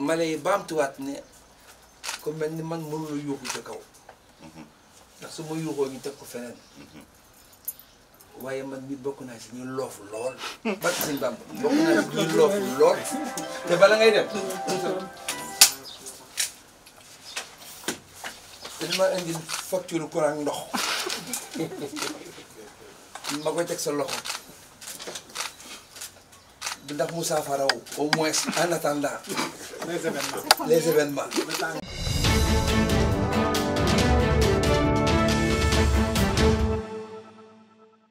ma lay baamtuwaat ne ku mel ni man mënula yuuxu ca kaw mhm. ndax su ma yuuxoo ñu teg ko feneen mhm. waaye man mi bokk naa si ñu loofu lool bark sëñ Bàmb bokk naa si ñu loofu lool te bala ngay dem dañ ma indi facture courant ndox ma koy teg sa loxo ndax Moussa Faraw au moins en attendant les événements les événements